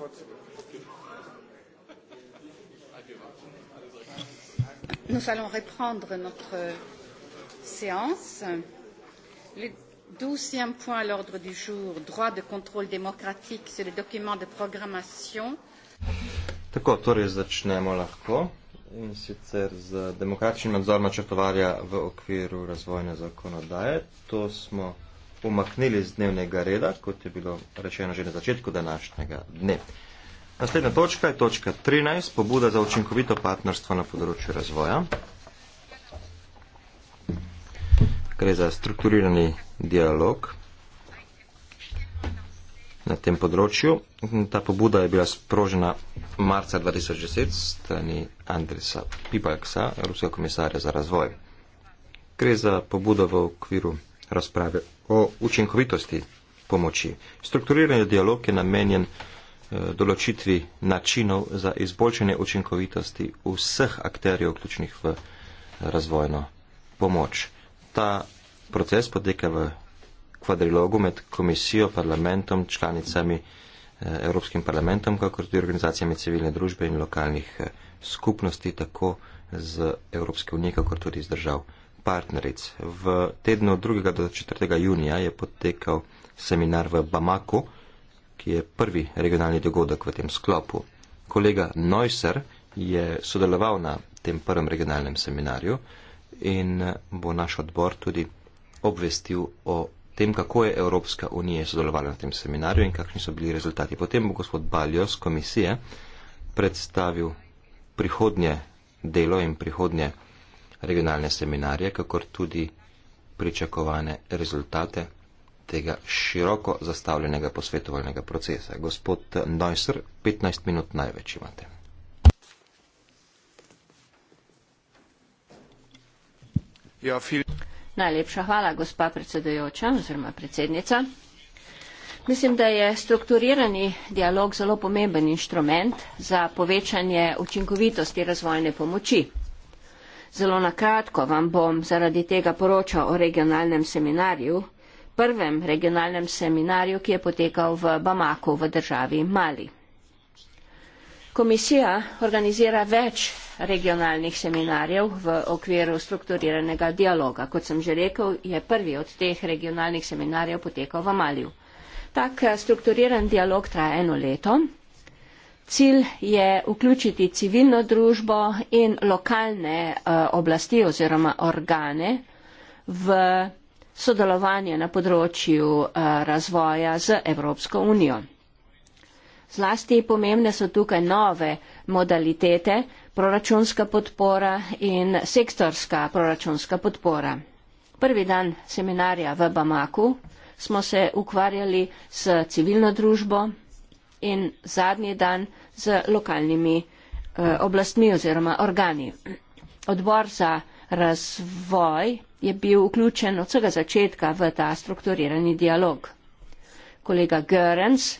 Gott. Nous allons reprendre notre séance. Le douzième point à l'ordre du jour, droit de contrôle démocratique sur les documents de programmation. Tako, torej začnemo lahko in sicer z demokratičnim nadzorom načrtovanja v okviru razvojne zakonodaje. To smo umaknili z dnevnega reda, kot je bilo rečeno že na začetku današnjega dne. Naslednja točka je točka 13, pobuda za učinkovito partnerstvo na področju razvoja. Gre za strukturirani dialog na tem področju. Ta pobuda je bila sprožena marca 2010 strani Andresa Pibalksa, Evropskega komisarja za razvoj. Gre za pobudo v okviru razprave o učinkovitosti pomoči. Strukturirani dialog je namenjen eh, določitvi načinov za izboljšanje učinkovitosti vseh akterjev, vključnih v eh, razvojno pomoč. Ta proces poteka v kvadrilogu med komisijo, parlamentom, članicami eh, Evropskim parlamentom, kakor tudi organizacijami civilne družbe in lokalnih skupnosti, tako z Evropske unije, kakor tudi z držav partneric. V tednu 2. do 4. junija je potekal seminar v Bamaku, ki je prvi regionalni dogodek v tem sklopu. Kolega Neusser je sodeloval na tem prvem regionalnem seminarju in bo naš odbor tudi obvestil o tem, kako je Evropska unija sodelovala na tem seminarju in kakšni so bili rezultati. Potem bo gospod Baljo z komisije predstavil prihodnje delo in prihodnje regionalne seminarje, kakor tudi pričakovane rezultate tega široko zastavljenega posvetovalnega procesa. Gospod Neusser, 15 minut največ imate. Ja, Najlepša hvala, gospa predsedujoča oziroma predsednica. Mislim, da je strukturirani dialog zelo pomemben inštrument za povečanje učinkovitosti razvojne pomoči. Zelo na kratko vam bom zaradi tega poročal o regionalnem seminarju, prvem regionalnem seminarju, ki je potekal v Bamaku v državi Mali. Komisija organizira več regionalnih seminarjev v okviru strukturiranega dialoga. Kot sem že rekel, je prvi od teh regionalnih seminarjev potekal v Maliju. Tak eh, strukturiran dialog traja eno leto. Cilj je vključiti civilno družbo in lokalne eh, oblasti oziroma organe v sodelovanje na področju eh, razvoja z Evropsko unijo. Zlasti pomembne so tukaj nove modalitete, proračunska podpora in sektorska proračunska podpora. Prvi dan seminarja v Bamaku smo se ukvarjali s civilno družbo, in zadnji dan z lokalnimi eh, oblastmi oziroma organi. Odbor za razvoj je bil vključen od vsega začetka v ta strukturirani dialog. Kolega Görens,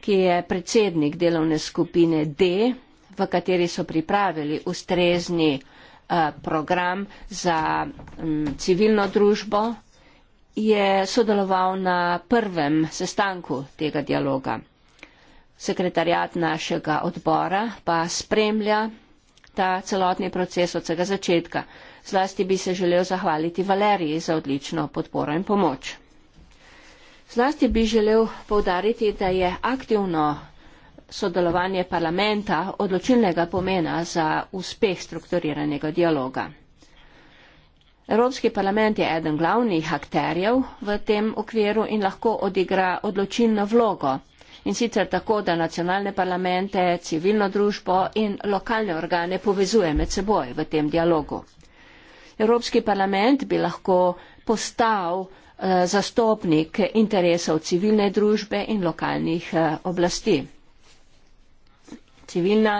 ki je predsednik delovne skupine D, v kateri so pripravili ustrezni eh, program za mm, civilno družbo, je sodeloval na prvem sestanku tega dialoga sekretarjat našega odbora pa spremlja ta celotni proces od vsega začetka. Zlasti bi se želel zahvaliti Valeriji za odlično podporo in pomoč. Zlasti bi želel povdariti, da je aktivno sodelovanje parlamenta odločilnega pomena za uspeh strukturiranega dialoga. Evropski parlament je eden glavnih akterjev v tem okviru in lahko odigra odločilno vlogo in sicer tako, da nacionalne parlamente, civilno družbo in lokalne organe povezuje med seboj v tem dialogu. Evropski parlament bi lahko postal eh, zastopnik interesov civilne družbe in lokalnih eh, oblasti. Civilna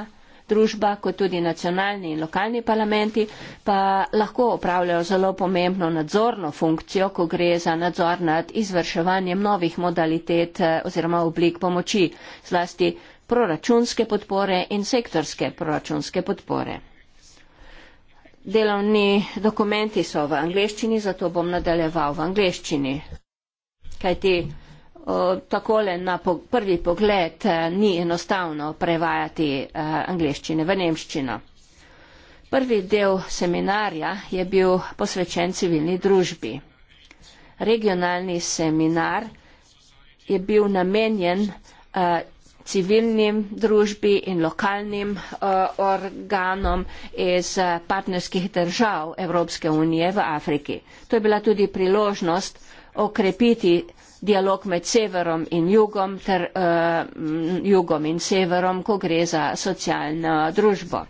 družba, kot tudi nacionalni in lokalni parlamenti, pa lahko upravljajo zelo pomembno nadzorno funkcijo, ko gre za nadzor nad izvrševanjem novih modalitet eh, oziroma oblik pomoči, zlasti proračunske podpore in sektorske proračunske podpore. Delovni dokumenti so v angleščini, zato bom nadaljeval v angleščini. Kajti takole na po, prvi pogled eh, ni enostavno prevajati eh, angleščine v nemščino. Prvi del seminarja je bil posvečen civilni družbi. Regionalni seminar je bil namenjen eh, civilnim družbi in lokalnim uh, organom iz uh, partnerskih držav Evropske unije v Afriki. To je bila tudi priložnost okrepiti dialog med severom in jugom ter uh, jugom in severom, ko gre za socialno družbo.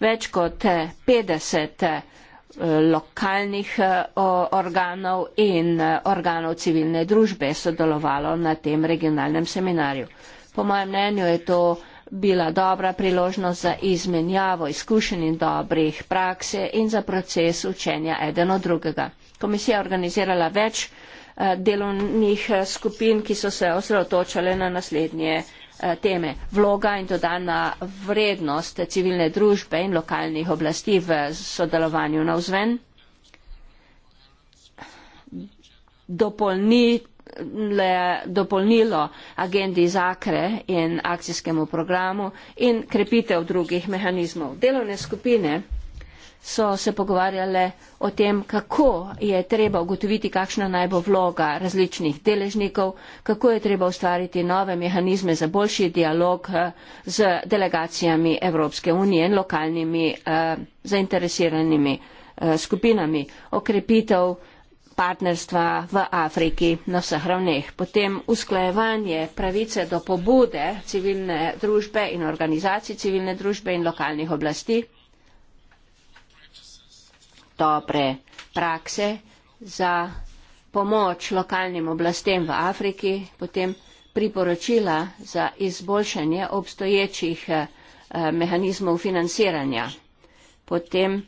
Več kot 50 eh, eh, lokalnih organov in organov civilne družbe je sodelovalo na tem regionalnem seminarju. Po mojem mnenju je to bila dobra priložnost za izmenjavo izkušenj in dobrih prakse in za proces učenja eden od drugega. Komisija je organizirala več Eh, delovnih eh, skupin, ki so se osredotočale na naslednje eh, teme. Vloga in dodana vrednost civilne družbe in lokalnih oblasti v sodelovanju na vzven. Dopolni, dopolnilo agendi Zakre in akcijskemu programu in krepitev drugih mehanizmov. Delovne skupine so se pogovarjale o tem, kako je treba ugotoviti, kakšna naj bo vloga različnih deležnikov, kako je treba ustvariti nove mehanizme za boljši dialog eh, z delegacijami Evropske unije in lokalnimi eh, zainteresiranimi eh, skupinami, okrepitev partnerstva v Afriki na vseh ravneh, potem usklajevanje pravice do pobude civilne družbe in organizacij civilne družbe in lokalnih oblasti, dobre prakse za pomoč lokalnim oblastem v Afriki, potem priporočila za izboljšanje obstoječih eh, mehanizmov financiranja, potem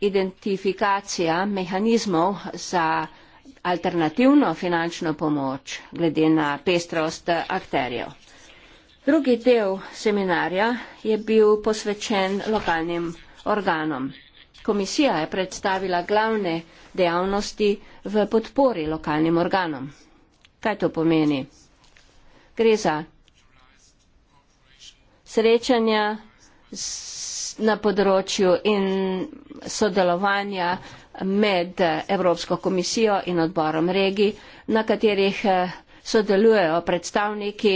identifikacija mehanizmov za alternativno finančno pomoč glede na pestrost akterjev. Drugi del seminarja je bil posvečen lokalnim organom. Komisija je predstavila glavne dejavnosti v podpori lokalnim organom. Kaj to pomeni? Gre za srečanja na področju in sodelovanja med Evropsko komisijo in odborom regij, na katerih eh, sodelujejo predstavniki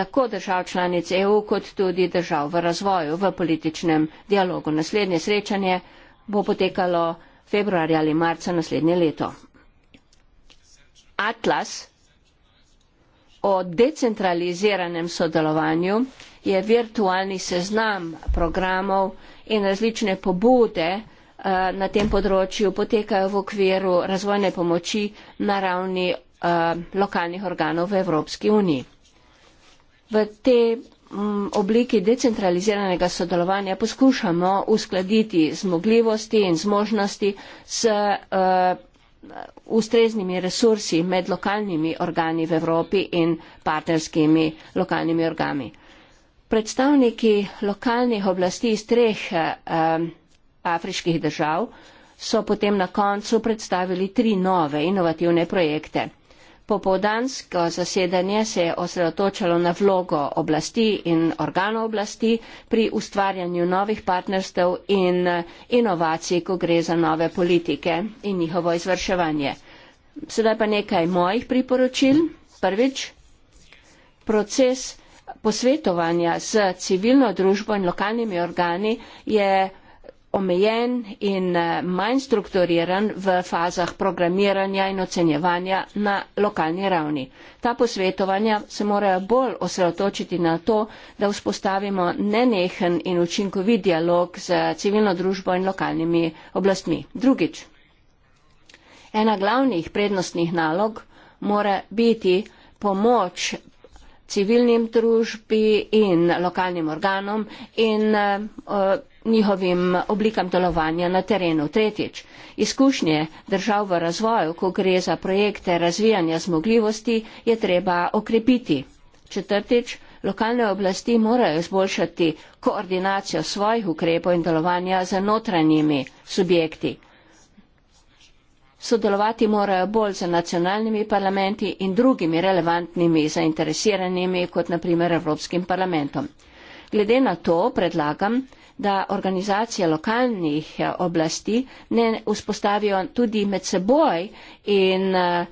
tako držav članic EU kot tudi držav v razvoju v političnem dialogu. Naslednje srečanje bo potekalo februarja ali marca naslednje leto. Atlas o decentraliziranem sodelovanju je virtualni seznam programov in različne pobude eh, na tem področju potekajo v okviru razvojne pomoči na ravni eh, lokalnih organov v Evropski uniji. V tem Mm, obliki decentraliziranega sodelovanja poskušamo uskladiti zmogljivosti in zmožnosti s uh, ustreznimi resursi med lokalnimi organi v Evropi in partnerskimi lokalnimi organi. Predstavniki lokalnih oblasti iz treh uh, afriških držav so potem na koncu predstavili tri nove inovativne projekte. Popovdansko zasedanje se je osredotočalo na vlogo oblasti in organov oblasti pri ustvarjanju novih partnerstev in inovacij, ko gre za nove politike in njihovo izvrševanje. Sedaj pa nekaj mojih priporočil. Prvič, proces posvetovanja z civilno družbo in lokalnimi organi je omejen in eh, manj strukturiran v fazah programiranja in ocenjevanja na lokalni ravni. Ta posvetovanja se morajo bolj osredotočiti na to, da vzpostavimo nenehen in učinkovit dialog z civilno družbo in lokalnimi oblastmi. Drugič, ena glavnih prednostnih nalog mora biti pomoč civilnim družbi in lokalnim organom in eh, eh, njihovim oblikam delovanja na terenu. Tretjič, izkušnje držav v razvoju, ko gre za projekte razvijanja zmogljivosti, je treba okrepiti. Četrtič, lokalne oblasti morajo izboljšati koordinacijo svojih ukrepov in delovanja z notranjimi subjekti. Sodelovati morajo bolj z nacionalnimi parlamenti in drugimi relevantnimi zainteresiranimi, kot naprimer Evropskim parlamentom. Glede na to predlagam, da organizacije lokalnih eh, oblasti ne vzpostavijo tudi med seboj in eh,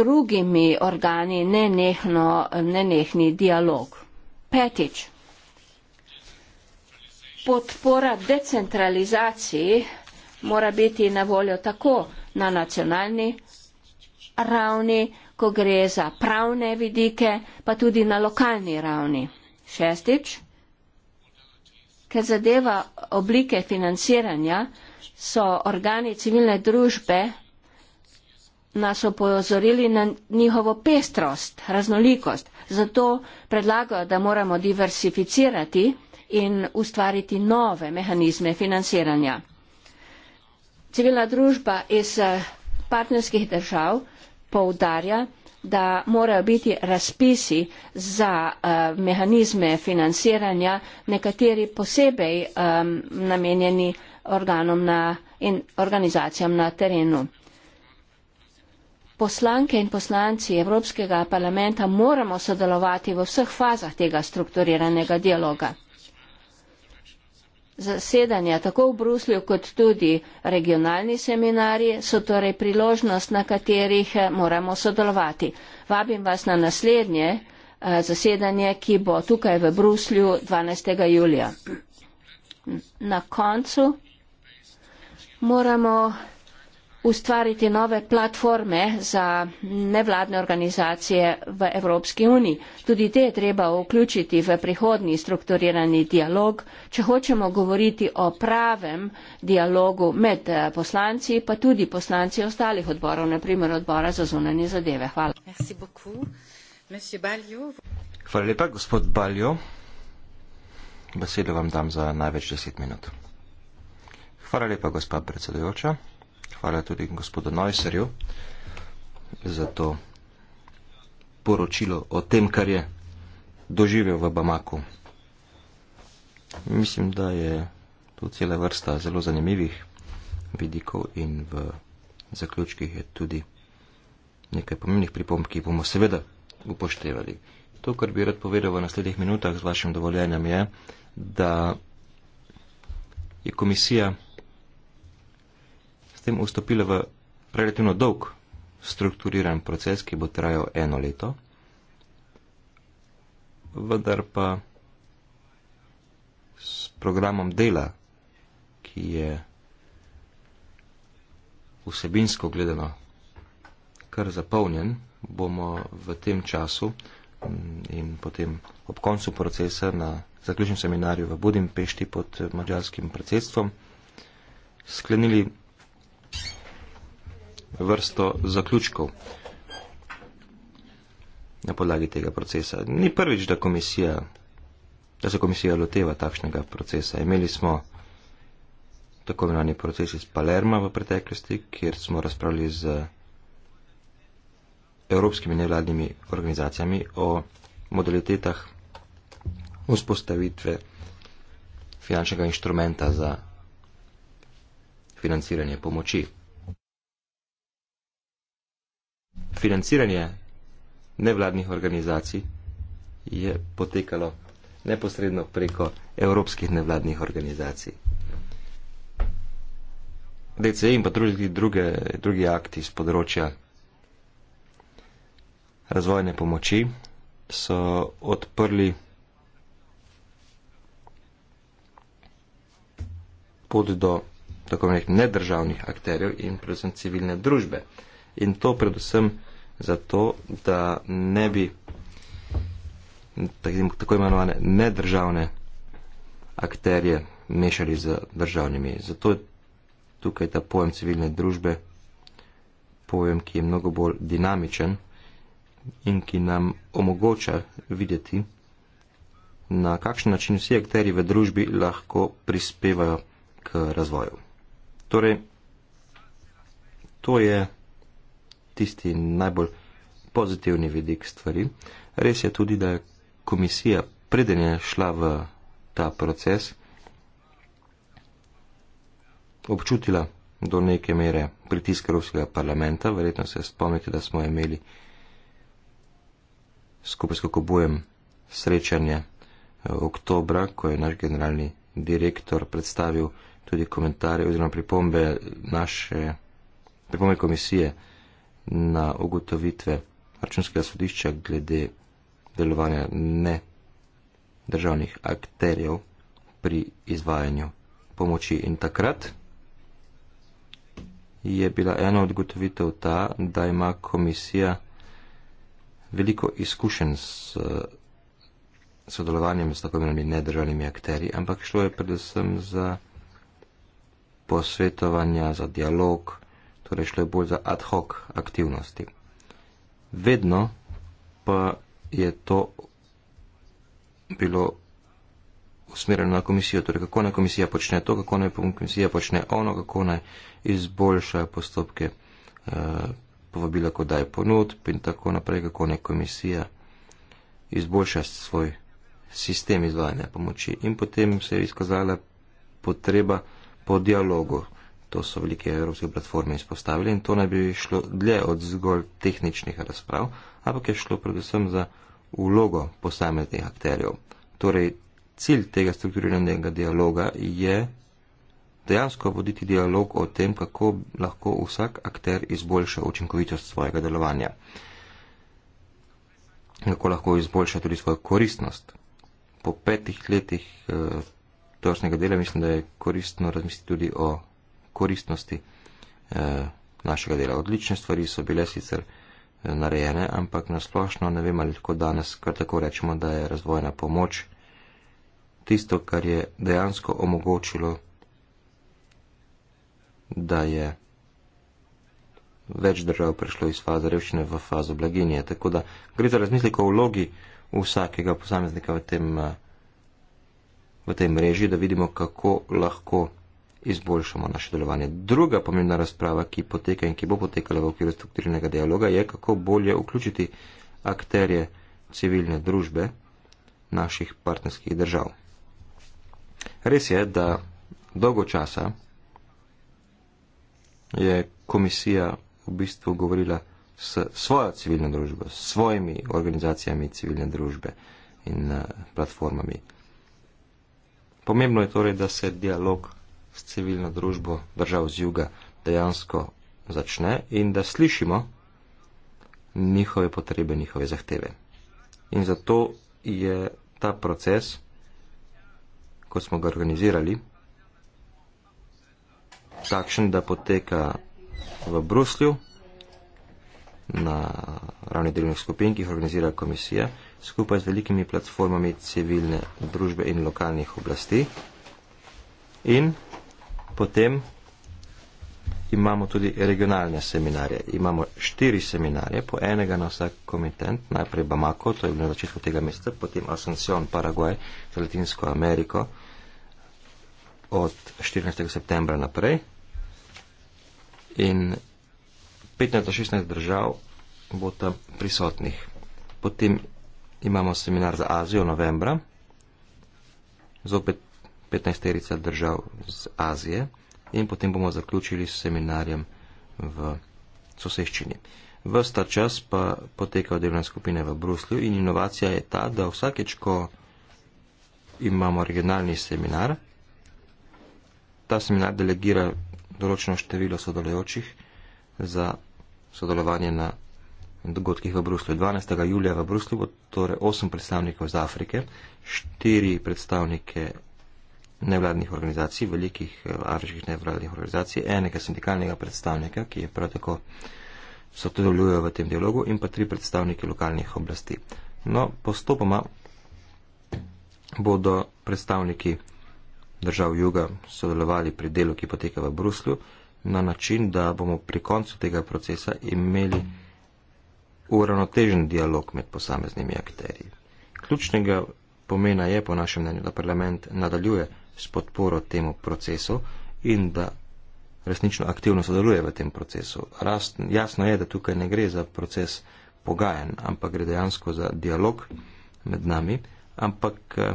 drugimi organi nenehno, nenehni dialog. Petič. Podpora decentralizaciji mora biti na voljo tako, na nacionalni ravni, ko gre za pravne vidike, pa tudi na lokalni ravni. Šestič, ker zadeva oblike financiranja, so organi civilne družbe nas opozorili na njihovo pestrost, raznolikost. Zato predlagajo, da moramo diversificirati in ustvariti nove mehanizme financiranja. Civilna družba iz eh, partnerskih držav poudarja, da morajo biti razpisi za uh, mehanizme financiranja nekateri posebej um, namenjeni organom na, in organizacijam na terenu. Poslanke in poslanci Evropskega parlamenta moramo sodelovati v vseh fazah tega strukturiranega dialoga zasedanja tako v Bruslju kot tudi regionalni seminarji so torej priložnost, na katerih eh, moramo sodelovati. Vabim vas na naslednje eh, zasedanje, ki bo tukaj v Bruslju 12. julija. Na koncu moramo ustvariti nove platforme za nevladne organizacije v Evropski uniji. Tudi te je treba vključiti v prihodni strukturirani dialog, če hočemo govoriti o pravem dialogu med eh, poslanci, pa tudi poslanci ostalih odborov, naprimer odbora za zunanje zadeve. Hvala. Hvala lepa, gospod Baljo. Besedo vam dam za največ deset minut. Hvala lepa, gospa predsedujoča hvala tudi gospodu Neusserju za to poročilo o tem, kar je doživel v Bamaku. Mislim, da je tu cela vrsta zelo zanimivih vidikov in v zaključkih je tudi nekaj pomembnih pripomb, ki bomo seveda upoštevali. To, kar bi rad povedal v naslednjih minutah z vašim dovoljenjem, je, da je komisija potem vstopile v relativno dolg strukturiran proces, ki bo trajal eno leto. Vendar pa s programom dela, ki je vsebinsko gledano kar zapolnjen, bomo v tem času mm, in potem ob koncu procesa na zaključnem seminarju v Budimpešti pod mađarskim predsedstvom sklenili vrsto zaključkov na podlagi tega procesa. Ni prvič, da, komisija, da se komisija loteva takšnega procesa. Imeli smo tako imenovani proces iz Palerma v preteklosti, kjer smo razpravljali z evropskimi nevladnimi organizacijami o modalitetah vzpostavitve finančnega inštrumenta za financiranje pomoči. Financiranje nevladnih organizacij je potekalo neposredno preko evropskih nevladnih organizacij. DCE in pa drugi, druge, drugi akti z področja razvojne pomoči so odprli pot do tako imenih nedržavnih akterjev in predvsem civilne družbe. In to predvsem zato, da ne bi tako imenovane nedržavne akterje mešali z državnimi. Zato je tukaj ta pojem civilne družbe, pojem, ki je mnogo bolj dinamičen in ki nam omogoča videti, na kakšen način vsi akteri v družbi lahko prispevajo k razvoju. Torej, to je tisti najbolj pozitivni vidik stvari. Res je tudi, da je komisija preden je šla v ta proces, občutila do neke mere pritisk Evropskega parlamenta. Verjetno se spomnite, da smo imeli skupaj s Kokobujem srečanje eh, oktobra, ko je naš generalni direktor predstavil tudi komentarje oziroma pripombe naše, pripombe komisije na ugotovitve računskega sodišča glede delovanja ne državnih akterjev pri izvajanju pomoči. In takrat je bila ena od gotovitev ta, da ima komisija veliko izkušenj s sodelovanjem s tako imenovanimi nedržavnimi akterji, ampak šlo je predvsem za posvetovanja, za dialog, torej šlo je bolj za ad hoc aktivnosti. Vedno pa je to bilo usmerjeno na komisijo, torej kako naj komisija počne to, kako naj komisija počne ono, kako naj izboljša postopke eh, povabila, ko daje ponudb in tako naprej, kako naj komisija izboljša svoj sistem izvajanja pomoči. In potem se je izkazala potreba, po dialogu. To so velike evropske platforme izpostavili in to naj bi šlo dlje od zgolj tehničnih razprav, ampak je šlo predvsem za vlogo posameznih akterjev. Torej, cilj tega strukturiranega dialoga je dejansko voditi dialog o tem, kako lahko vsak akter izboljša učinkovitost svojega delovanja, kako lahko izboljša tudi svojo koristnost. Po petih letih eh, tovrstnega dela, mislim, da je koristno razmisliti tudi o koristnosti eh, našega dela. Odlične stvari so bile sicer eh, narejene, ampak nasplošno ne vem, ali lahko danes kar tako rečemo, da je razvojna pomoč tisto, kar je dejansko omogočilo, da je več držav prišlo iz faze revščine v fazo blaginje. Tako da gre za razmislek o vlogi vsakega posameznika v tem. Eh, v tej mreži, da vidimo, kako lahko izboljšamo naše delovanje. Druga pomembna razprava, ki poteka in ki bo potekala v okviru strukturnega dialoga, je, kako bolje vključiti akterje civilne družbe naših partnerskih držav. Res je, da dolgo časa je komisija v bistvu govorila s svojo civilno družbo, s svojimi organizacijami civilne družbe in eh, platformami. Pomembno je torej, da se dialog s civilno družbo držav z juga dejansko začne in da slišimo njihove potrebe, njihove zahteve. In zato je ta proces, ko smo ga organizirali, takšen, da poteka v Bruslju, na ravni delovnih skupin, ki jih organizira komisija, skupaj z velikimi platformami civilne družbe in lokalnih oblasti. In potem imamo tudi regionalne seminarje. Imamo štiri seminarje, po enega na vsak komitent, najprej Bamako, to je bilo na začetku tega meseca, potem Asuncion, Paraguay za Latinsko Ameriko od 14. septembra naprej. In 15-16 držav bo tam prisotnih. Potem imamo seminar za Azijo novembra, zopet 15 terica držav z Azije in potem bomo zaključili s seminarjem v soseščini. Vsta čas pa poteka od delovne skupine v Bruslju in inovacija je ta, da vsakeč, ko imamo regionalni seminar, ta seminar delegira določeno število sodelujočih za sodelovanje na dogodkih v Bruslju. 12. julija v Bruslju bo torej 8 predstavnikov iz Afrike, 4 predstavnike nevladnih organizacij, velikih eh, afriških nevladnih organizacij, enega sindikalnega predstavnika, ki je prav tako sodeluje v tem dialogu in pa tri predstavnike lokalnih oblasti. No, postopoma bodo predstavniki držav juga sodelovali pri delu, ki poteka v Bruslju na način, da bomo pri koncu tega procesa imeli uravnotežen dialog med posameznimi akterji. Ključnega pomena je, po našem mnenju, da parlament nadaljuje s podporo temu procesu in da resnično aktivno sodeluje v tem procesu. Rast, jasno je, da tukaj ne gre za proces pogajen, ampak gre dejansko za dialog med nami, ampak eh,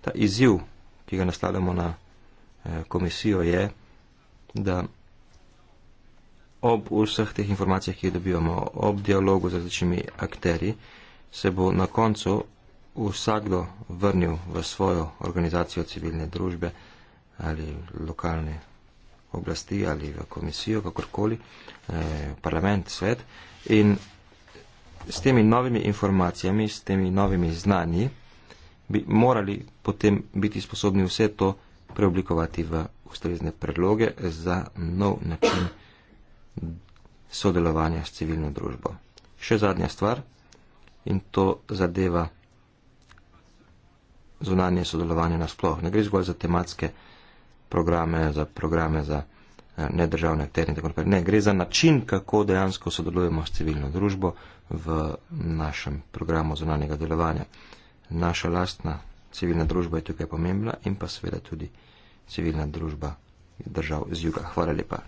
ta izziv, ki ga naslavljamo na eh, komisijo, je, da ob vseh teh informacijah, ki jih dobivamo, ob dialogu z različnimi akteri, se bo na koncu vsakdo vrnil v svojo organizacijo civilne družbe ali lokalne oblasti ali v komisijo, kakorkoli, eh, parlament, svet in s temi novimi informacijami, s temi novimi znanji bi morali potem biti sposobni vse to preoblikovati v ustrezne predloge za nov način sodelovanja s civilno družbo. Še zadnja stvar in to zadeva zunanje sodelovanje nasploh. Ne gre zgolj za tematske programe, za programe za eh, nedržavne akterje in tako naprej. Ne, gre za način, kako dejansko sodelujemo s civilno družbo v našem programu zunanjega delovanja. Naša lastna civilna družba je tukaj pomembna in pa seveda tudi civilna družba držav z juga. Hvala lepa.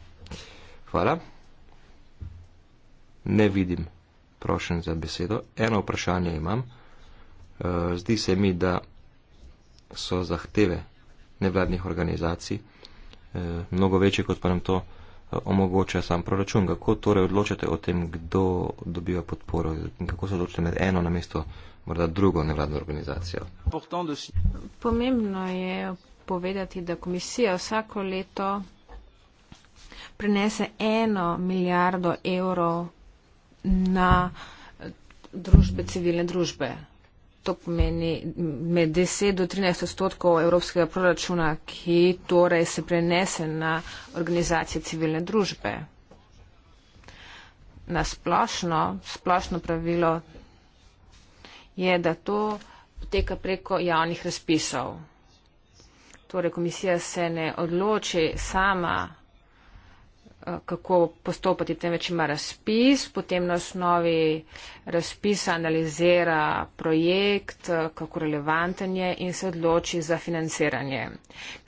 Hvala. Ne vidim prošen za besedo. Eno vprašanje imam. Eh, zdi se mi, da so zahteve nevladnih organizacij eh, mnogo večje, kot pa nam to eh, omogoča sam proračun. Kako torej odločate o tem, kdo dobiva podporo in kako se odločite med eno namesto morda drugo nevladno organizacijo? Pomembno je povedati, da komisija vsako leto prenese eno milijardo evrov na eh, družbe, civilne družbe. To pomeni med 10 do 13 odstotkov evropskega proračuna, ki torej se prenese na organizacije civilne družbe. Na splošno, splošno pravilo je, da to poteka preko javnih razpisov torej komisija se ne odloči sama, eh, kako postopati, temveč ima razpis, potem na osnovi razpisa analizira projekt, eh, kako relevanten je in se odloči za financiranje.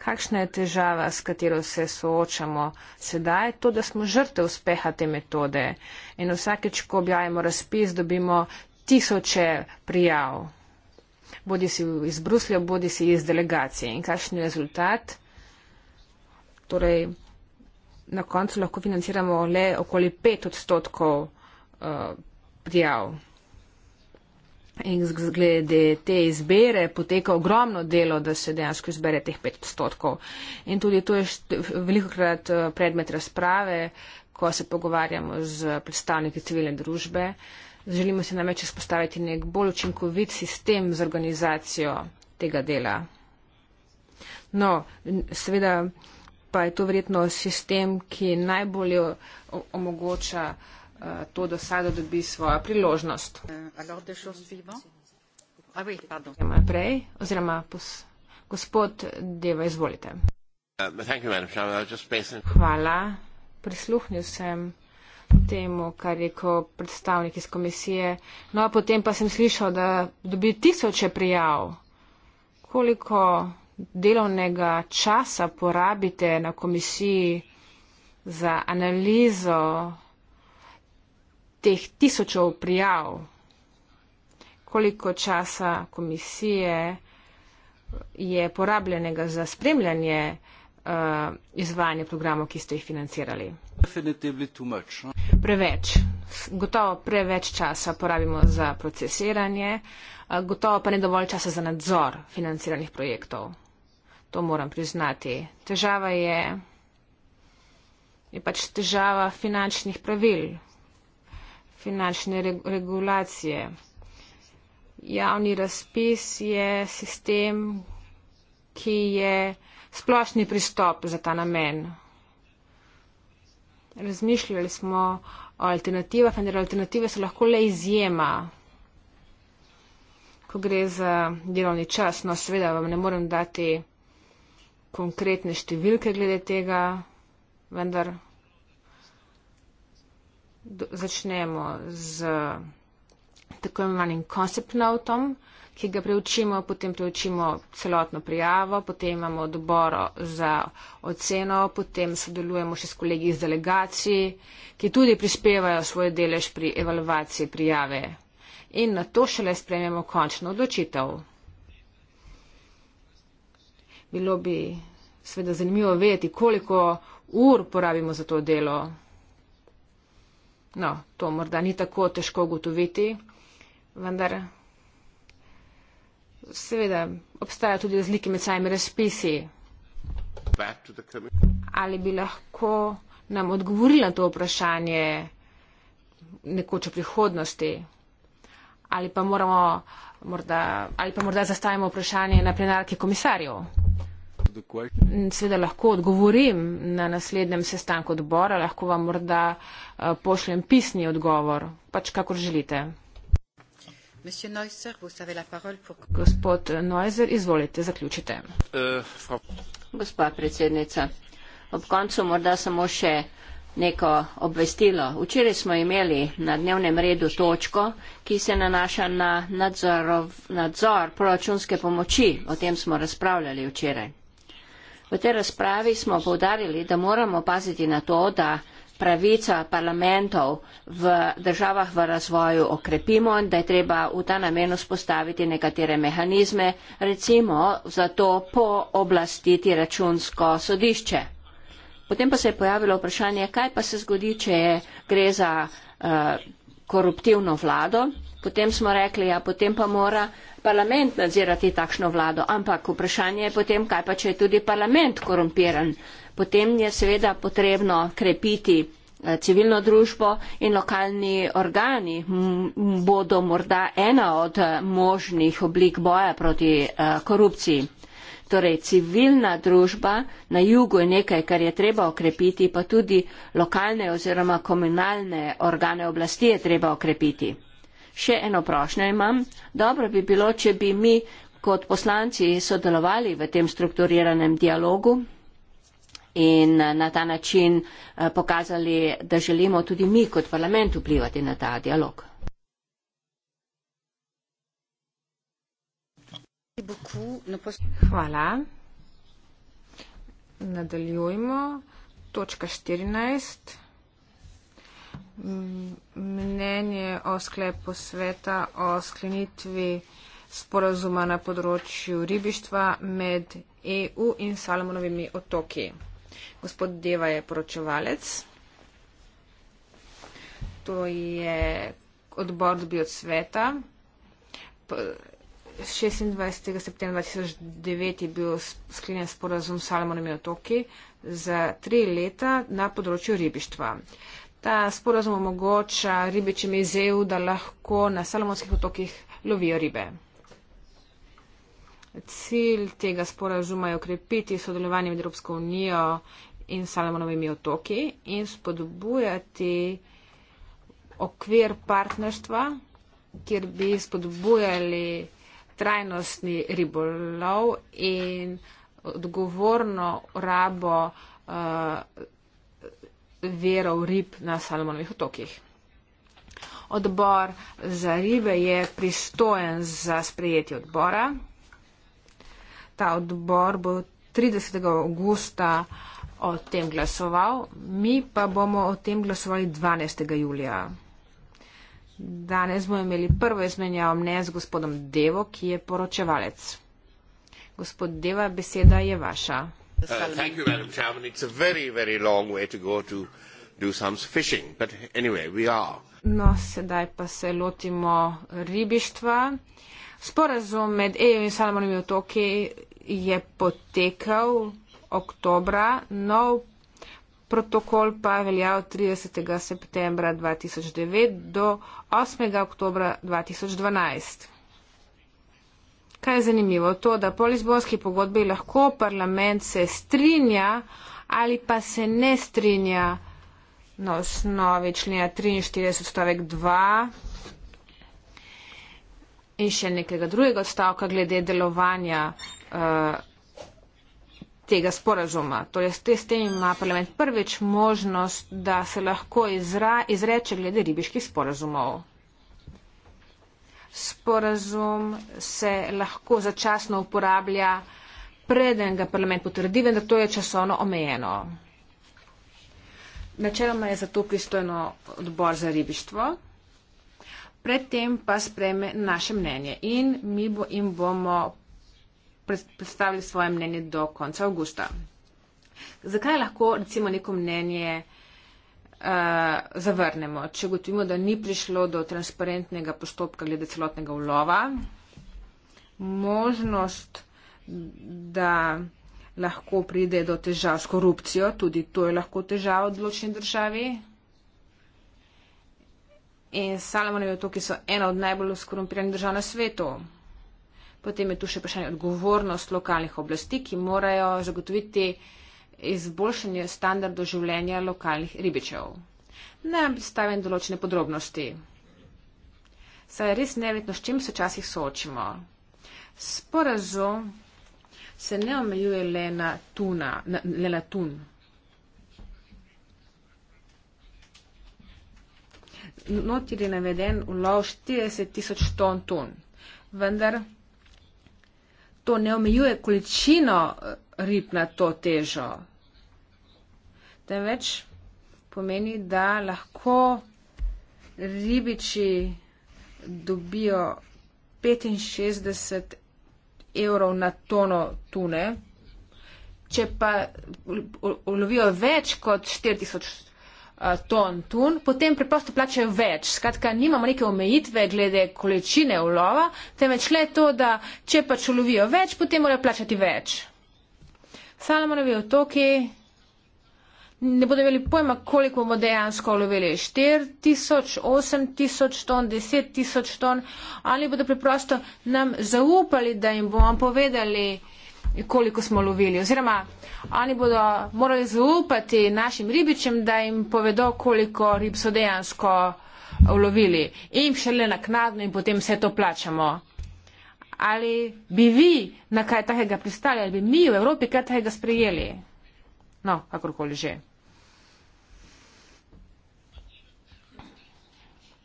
Kakšna je težava, s katero se soočamo sedaj, to, da smo žrte uspeha te metode in vsakeč, ko objavimo razpis, dobimo tisoče prijav bodisi iz Bruslja, bodisi iz delegacije. In kakšen je rezultat? Torej, na koncu lahko financiramo le okoli 5 odstotkov uh, prijav. In glede te izbere poteka ogromno delo, da se dejansko izbere teh 5 odstotkov. In tudi to je veliko krat eh, predmet razprave, ko se pogovarjamo z predstavniki civilne družbe. Uh, Želimo se namreč vzpostaviti nek bolj učinkovit sistem z organizacijo tega dela. No, seveda pa je to verjetno sistem, ki najbolje omogoča eh, to, da vsak dobi svojo priložnost. Eh, ah naprej, oziroma gospod Deva, izvolite. Uh, Hvala, prisluhnil sem temu, kar je rekel predstavnik iz komisije. No, potem pa sem slišal, da dobi tisoče prijav. Koliko delovnega časa porabite na komisiji za analizo teh tisočev prijav? Koliko časa komisije je porabljenega za spremljanje uh, uh, izvajanje programov, ki ste jih financirali. Much, huh? No? Preveč. Gotovo preveč časa porabimo za procesiranje, uh, gotovo pa ne dovolj časa za nadzor financiranih projektov. To moram priznati. Težava je, je pač težava finančnih pravil, finančne reg regulacije. Javni razpis je sistem, ki je uh, splošni pristop za ta namen. Razmišljali smo o alternativah, vendar alternative so lahko le izjema, ko gre za delovni čas. No, seveda vam ne morem dati konkretne številke glede tega, vendar začnemo z tako imenovanim concept notom ki ga preučimo, potem preučimo celotno prijavo, potem imamo odboro za oceno, potem sodelujemo še s kolegi iz delegacij, ki tudi prispevajo svoj delež pri evalvaciji prijave. In na to šele sprejmemo končno odločitev. Bilo bi sveda zanimivo vedeti, koliko ur porabimo za to delo. No, to morda ni tako težko ugotoviti, vendar seveda obstajajo tudi razlike med samimi razpisi. Ali bi lahko nam odgovorila to vprašanje nekoč v prihodnosti? Ali pa, moramo, morda, ali pa morda zastavimo vprašanje na plenarki komisarjev? Seveda lahko odgovorim na naslednjem sestanku odbora, lahko vam morda eh, pošljem pisni odgovor, pač kakor želite gospod Neuser, izvolite, zaključite. Eh, Gospa predsednica, ob koncu morda samo še neko obvestilo. Včeraj smo imeli na dnevnem redu točko, ki se nanaša na nadzorov, nadzor proračunske pomoči. O tem smo razpravljali včeraj. V tej razpravi smo povdarili, da moramo paziti na to, da pravica parlamentov v državah v razvoju okrepimo in da je treba v ta namen vzpostaviti nekatere mehanizme, recimo za to pooblastiti računsko sodišče. Potem pa se je pojavilo vprašanje, kaj pa se zgodi, če je, gre za uh, koruptivno vlado. Potem smo rekli, ja, potem pa mora parlament nadzirati takšno vlado. Ampak vprašanje je potem, kaj pa če je tudi parlament korumpiran. Uh, potem je seveda potrebno krepiti eh, civilno družbo in lokalni organi bodo morda ena od eh, možnih oblik boja proti eh, korupciji. Torej civilna družba na jugu je nekaj, kar je treba okrepiti, pa tudi lokalne oziroma komunalne organe oblasti je treba okrepiti. Še eno prošnjo imam. Dobro bi bilo, če bi mi kot poslanci sodelovali v tem strukturiranem dialogu, in eh, na ta način eh, pokazali, da želimo tudi mi kot parlament vplivati na ta dialog. Hvala. Nadaljujmo. Točka 14. Mnenje o sklepu sveta o sklenitvi sporazuma na področju ribištva med EU in Salomonovimi otoki. Gospod Deva je poročevalec. To je odbor dobi od sveta. 26. septembra 2009 je bil sklenjen sporazum s Salomonimi otoki za tri leta na področju ribištva. Ta sporazum omogoča ribičem iz EU, da lahko na Salomonskih otokih lovijo ribe. Cilj tega sporazuma je okrepiti sodelovanje med Evropsko unijo in Salomonovimi otoki in spodbujati okvir partnerstva, kjer bi spodbujali trajnostni ribolov in odgovorno rabo uh, verov rib na Salomonovih otokih. Odbor za ribe je pristojen za sprejetje odbora. Ta odbor bo 30. augusta o tem glasoval, mi pa bomo o tem glasovali 12. julija. Danes bomo imeli prvo izmenjavo mne z gospodom Devo, ki je poročevalec. Gospod Deva, beseda je vaša. Uh, you, anyway, no, sedaj pa se lotimo ribištva. Uh, Sporazum med EU in Salomonovimi otoki je potekal oktobra, nov protokol pa velja od 30. septembra 2009 do 8. oktobra 2012. Kaj je zanimivo? To, da po Lizbonski pogodbi lahko parlament se strinja ali pa se ne strinja na osnovi člena 43 stavek 2 in še nekega drugega odstavka glede delovanja uh, tega sporazuma. Torej, s tem ima parlament prvič možnost, da se lahko izra, izreče glede ribiških sporazumov. Sporazum se lahko začasno uporablja, preden ga parlament potrdi, vendar to je časovno omejeno. Načeloma je zato pristojno odbor za ribištvo predtem pa spreme naše mnenje in mi bo, jim bomo predstavili svoje mnenje do konca avgusta. Zakaj lahko recimo neko mnenje uh, zavrnemo, če gotovimo, da ni prišlo do transparentnega postopka glede celotnega ulova? Možnost, da lahko pride do težav s korupcijo, tudi to je lahko težava v odločni državi in Salomonovi otoki so ena od najbolj skorumpiranih držav na svetu. Potem je tu še vprašanje odgovornost lokalnih oblasti, ki morajo zagotoviti izboljšanje standardov življenja lokalnih ribičev. Ne predstavim določene podrobnosti. Saj je res nevetno, s čim se včasih soočimo. Sporazum se ne omejuje le na, tuna, na, le na tun. notir je naveden ulov 40 tisoč ton tun. Vendar to ne omejuje količino eh, rib na to težo. Temveč pomeni, da lahko ribiči dobijo 65 evrov na tono tune, če pa ulovijo več kot 4000 tun. Eh, ton tun, potem preprosto plačajo več. Skratka, nimamo neke omejitve glede količine ulova, temveč le to, da če pač ulovijo več, potem morajo plačati več. Salomonovi otoki ne bodo imeli pojma, koliko bomo dejansko ulovili. 4000, 8000 ton, 10000 ton, ali bodo preprosto nam zaupali, da jim bomo povedali, koliko smo lovili. Oziroma, oni bodo morali zaupati našim ribičem, da jim povedo, koliko rib so dejansko ulovili. In šele naknadno in potem vse to plačamo. Ali bi vi na kaj takega pristali, ali bi mi v Evropi kaj takega sprejeli? No, kakorkoli že.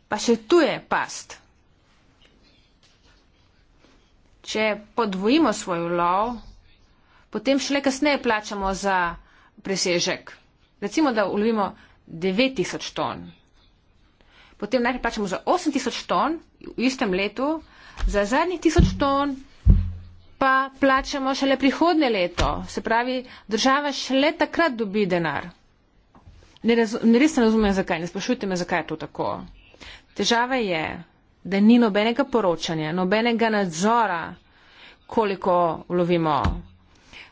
Pa še tu je past. Če podvojimo svoj lov, potem šele kasneje plačamo za presežek. Recimo, da ulovimo 9000 ton. Potem najprej plačamo za 8000 ton v istem letu, za zadnjih 1000 ton pa plačamo šele prihodne leto. Se pravi, država šele takrat dobi denar. Ne, ne res ne razumem, zakaj. Ne sprašujte me, zakaj je to tako. Težava je, da ni nobenega poročanja, nobenega nadzora, koliko lovimo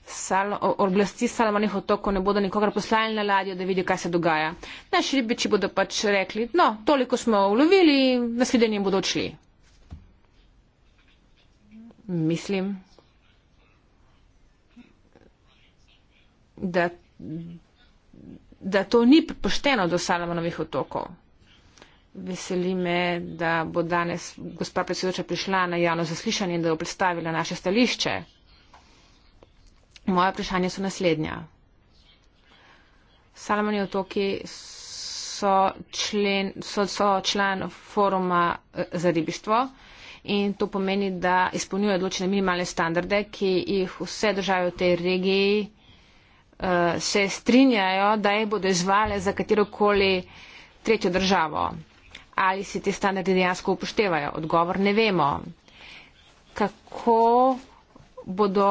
sal, oblasti Salomonih otokov ne bodo nikogar poslali na ladjo, da vidijo, kaj se dogaja. Naši ribiči bodo pač rekli, no, toliko smo ulovili in naslednji bodo odšli. Mislim, da, da to ni pošteno do Salomonovih otokov. Veseli me, da bo danes gospa predsedoča prišla na javno zaslišanje in da bo predstavila naše stališče. Moje vprašanje so naslednja. Salamoni otoki so, člen, so, so član foruma eh, za ribištvo in to pomeni, da izpolnjuje odločene minimalne standarde, ki jih vse države v tej regiji uh, se strinjajo, da jih bodo izvale za katerokoli tretjo državo. Ali si te standarde dejansko upoštevajo? Odgovor ne vemo. Kako bodo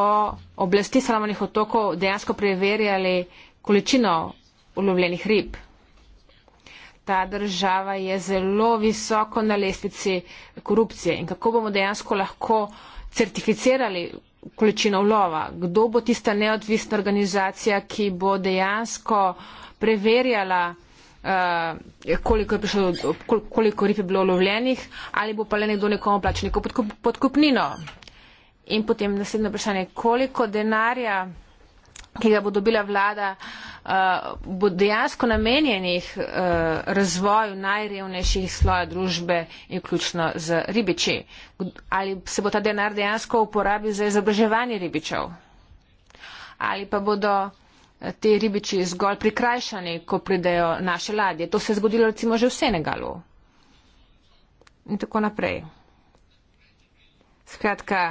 oblasti Salamonih otokov dejansko preverjali količino ulovljenih rib. Ta država je zelo visoko na lestvici korupcije in kako bomo dejansko lahko certificirali količino ulova, kdo bo tista neodvisna organizacija, ki bo dejansko preverjala, uh, koliko rib je bilo ulovljenih ali bo pa le nekdo nekomu plačal neko podkupnino. Kup, pod In potem naslednje vprašanje, koliko denarja, ki ga bo dobila vlada, uh, bo dejansko namenjenih uh, razvoju najrevnejših sloja družbe in ključno z ribiči? Ali se bo ta denar dejansko uporabil za izobraževanje ribičev? Ali pa bodo eh, te ribiči zgolj prikrajšani, ko pridejo naše ladje? To se je zgodilo recimo že v Senegalu. In tako naprej. Skratka,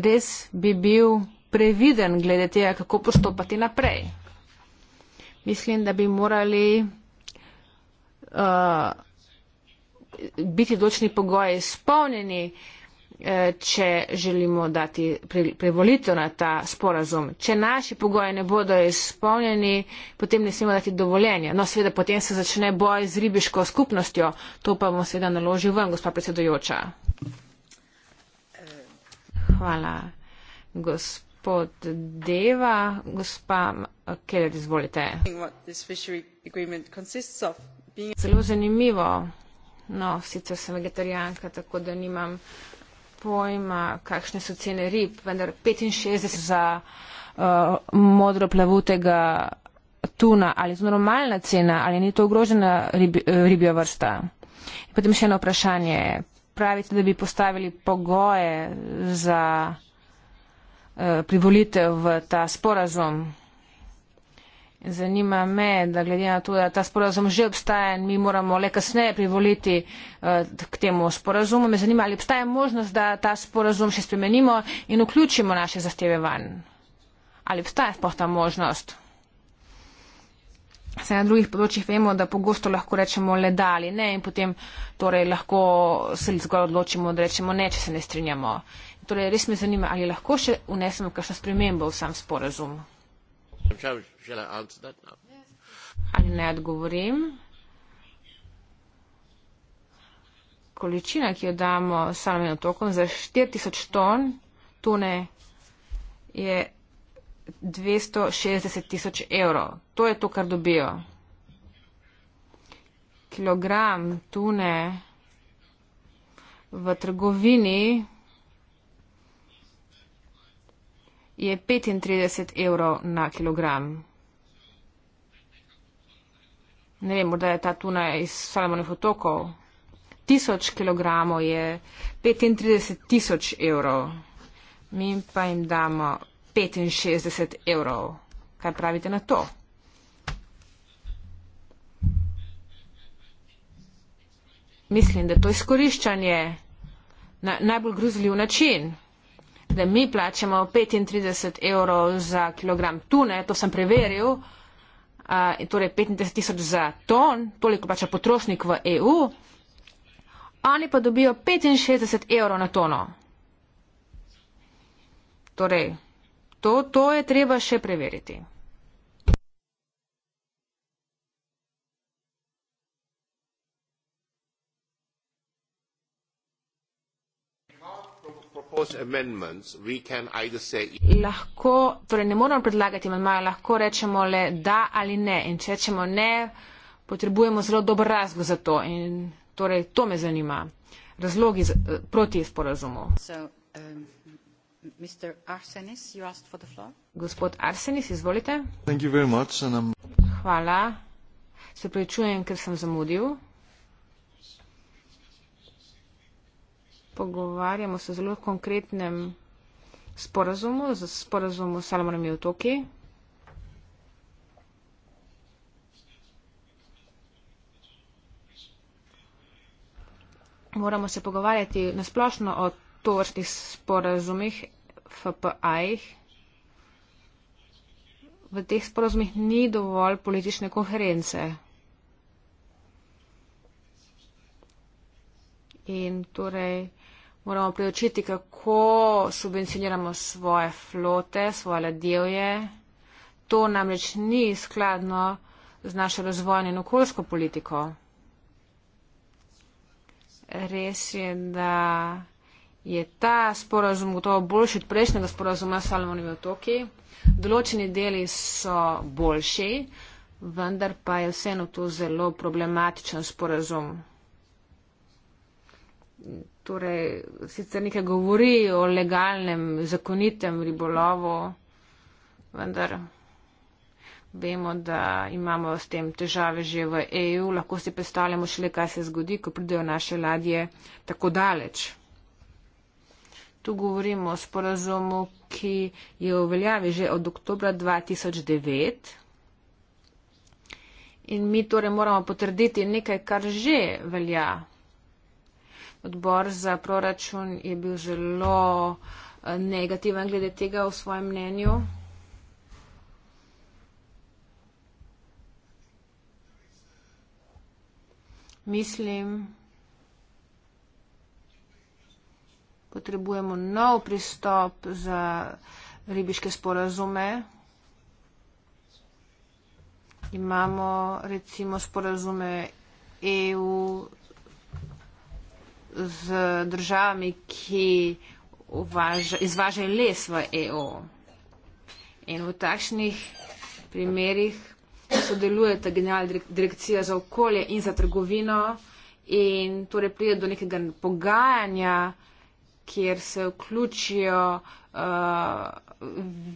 res bi bil previden glede tega, kako postopati naprej. Mislim, da bi morali uh, biti dočni pogoji spolnjeni, eh, če želimo dati prevolitev na ta sporazum. Če naši pogoji ne bodo izpolnjeni, potem ne smemo dati dovoljenja. No, seveda, potem se začne boj z ribiško skupnostjo. To pa bom seveda naložil ven, gospa predsedojoča. Hvala, gospod Deva. Gospa Keller, izvolite. Zelo zanimivo. No, sicer sem vegetarijanka, tako da nimam pojma, kakšne so cene rib, vendar 65 za uh, modro plavutega tuna, ali je to normalna cena, ali ni to ogrožena rib, eh, ribja vrsta. Potem še eno vprašanje pravite, da bi postavili pogoje za eh, privolitev v ta sporazum. Zanima me, da glede na to, da ta sporazum že obstaja in mi moramo le kasneje privoliti eh, k temu sporazumu, me zanima, ali obstaja možnost, da ta sporazum še spremenimo in vključimo naše zahteve van. Ali obstaja sploh ta možnost? Vse na drugih področjih vemo, da pogosto lahko rečemo le da ali ne in potem torej lahko se zgolj odločimo, da rečemo ne, če se ne strinjamo. Torej, res me zanima, ali lahko še unesemo kakšno spremembo v sam sporazum. Ali ne odgovorim? Količina, ki jo damo samim otokom za 4000 ton tune, je 260 tisoč evrov. To je to, kar dobijo. Kilogram tune v trgovini je 35 evrov na kilogram. Ne vem, morda je ta tuna iz Salmonov otokov. Tisoč kilogramov je 35 tisoč evrov. Mi pa jim damo 65 evrov. Kaj pravite na to? Mislim, da to izkoriščanje na najbolj grozljiv način, da mi plačamo 35 evrov za kilogram tune, to sem preveril, uh, torej 35 tisoč za ton, toliko plača potrošnik v EU, oni pa dobijo 65 evrov na tono. Torej, to, to je treba še preveriti. Say... E- lahko, torej ne moramo predlagati amandmaja, lahko rečemo le da ali ne. In če rečemo ne, potrebujemo zelo dober razlog za to. In torej to me zanima. Razlogi eh, proti sporazumu. So, um... Mr. Arsenis, you asked for the floor. Gospod Arsenis, izvolite. Thank you very much, and I'm... Hvala. Se prečujem, ker sem zamudil. Pogovarjamo se o zelo konkretnem sporazumu, z sporazumu s Salomonami otoki. Moramo se pogovarjati nasplošno o to vrstih sporazumih, FPA-jih, v teh sporazumih ni dovolj politične konference. In torej moramo preučiti, kako subvencioniramo svoje flote, svoje ladjevje. To namreč ni skladno z našo razvojno in okoljsko politiko. Res je, da je ta sporazum gotovo boljši od prejšnjega sporazuma s Salomonimi otoki. Določeni deli so boljši, vendar pa je vseeno to zelo problematičen sporazum. Torej, sicer nekaj govori o legalnem, zakonitem ribolovu, vendar vemo, da imamo s tem težave že v EU. Lahko si predstavljamo šele, kaj se zgodi, ko pridejo naše ladje tako daleč. Tu govorimo o sporazumu, ki je v veljavi že od oktobra 2009. In mi torej moramo potrditi nekaj, kar že velja. Odbor za proračun je bil zelo eh, negativen glede tega v svojem mnenju. Mislim, potrebujemo nov pristop za ribiške sporazume. Imamo recimo sporazume EU z državami, ki uvaža, izvažajo les v EU. In v takšnih primerjih sodeluje ta generalna direkcija za okolje in za trgovino in torej pride do nekega pogajanja, kjer se vključijo uh,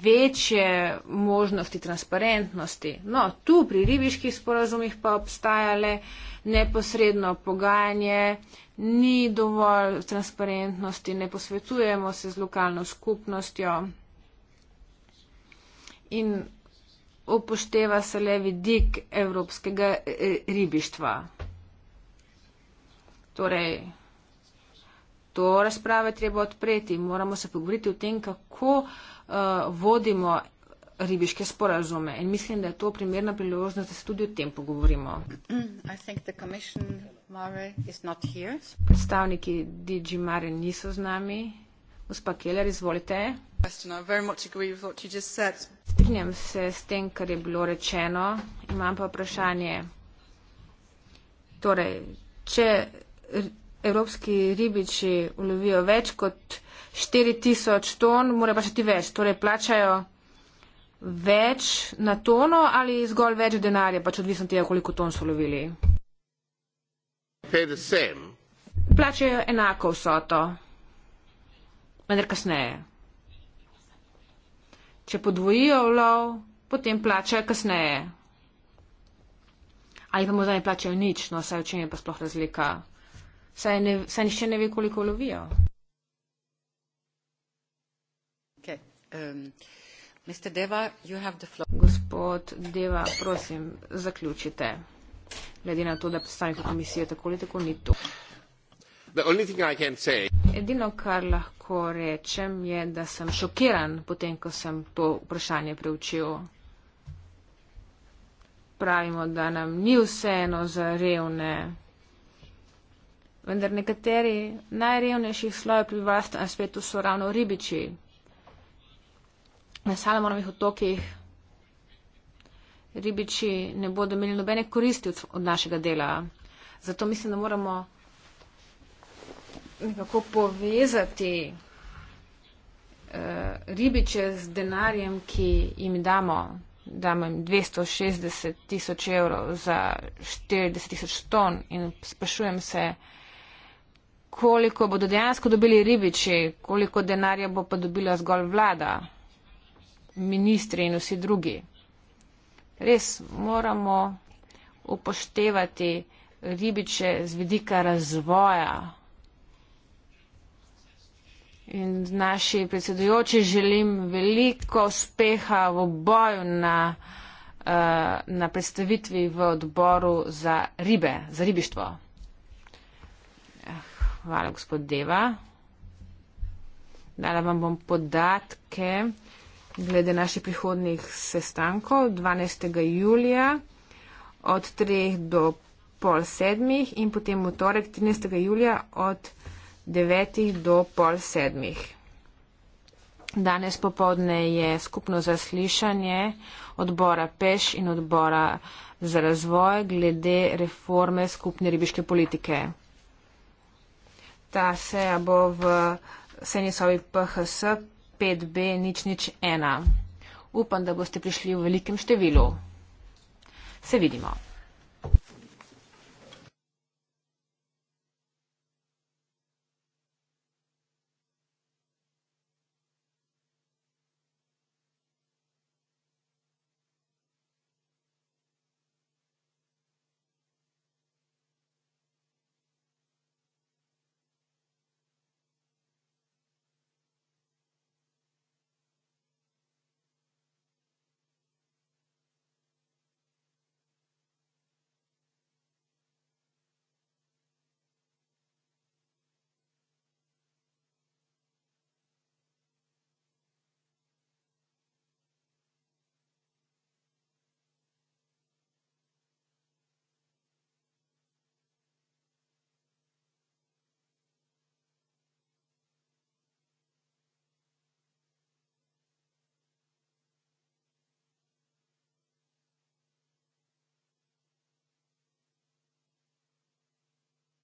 večje možnosti transparentnosti. No, tu pri ribiških sporazumih pa obstajale neposredno pogajanje, ni dovolj transparentnosti, ne posvetujemo se z lokalno skupnostjo in upošteva se le vidik evropskega eh, ribištva. Torej, to razpravo je treba odpreti. Moramo se pogovoriti o tem, kako uh, vodimo ribiške sporazume. In mislim, da je to primerna priložnost, da se tudi o tem pogovorimo. Predstavniki DG Mare niso z nami. Gospa Keller, izvolite. Strinjam se s tem, kar je bilo rečeno. Imam pa vprašanje. Torej, če evropski ribiči ulovijo več kot 4000 ton, morajo pa še ti več. Torej, plačajo več na tono ali zgolj več denarja, pač odvisno tega, koliko ton so ulovili. Plačajo enako vsoto, vendar kasneje. Če podvojijo ulov, potem plačajo kasneje. Ali pa morda ne plačajo nič, no saj v čem je pa sploh razlika saj, ne, saj nišče ne ve, koliko lovijo. Okay. Um, Deva, Gospod Deva, prosim, zaključite. Glede na to, da predstavnik komisije tako ali tako ni tu. Edino, kar lahko rečem, je, da sem šokiran potem, ko sem to vprašanje preučil. Pravimo, da nam ni vseeno za revne vendar nekateri najrevnejših slojev prebivalstva na svetu so ravno ribiči. Na Salomonovih otokih ribiči ne bodo imeli nobene koristi od našega dela. Zato mislim, da moramo nekako povezati uh, ribiče z denarjem, ki jim damo. Damo jim 260 tisoč evrov za 40 tisoč ton in sprašujem se, koliko bodo dejansko dobili ribiči, koliko denarja bo pa dobila zgolj vlada, ministri in vsi drugi. Res moramo upoštevati ribiče z vidika razvoja. In naši predsedujoči želim veliko uspeha v boju na, eh, na predstavitvi v odboru za ribe, za ribištvo. Hvala, gospod Deva. Dala vam bom podatke glede naših prihodnih sestankov 12. julija od 3 do pol sedmih in potem v torek 13. julija od 9. do pol sedmih. Danes popovdne je skupno zaslišanje odbora Peš in odbora za razvoj glede reforme skupne ribiške politike ta seja bo v senjesovi PHS 5B001. Upam, da boste prišli v velikem številu. Se vidimo.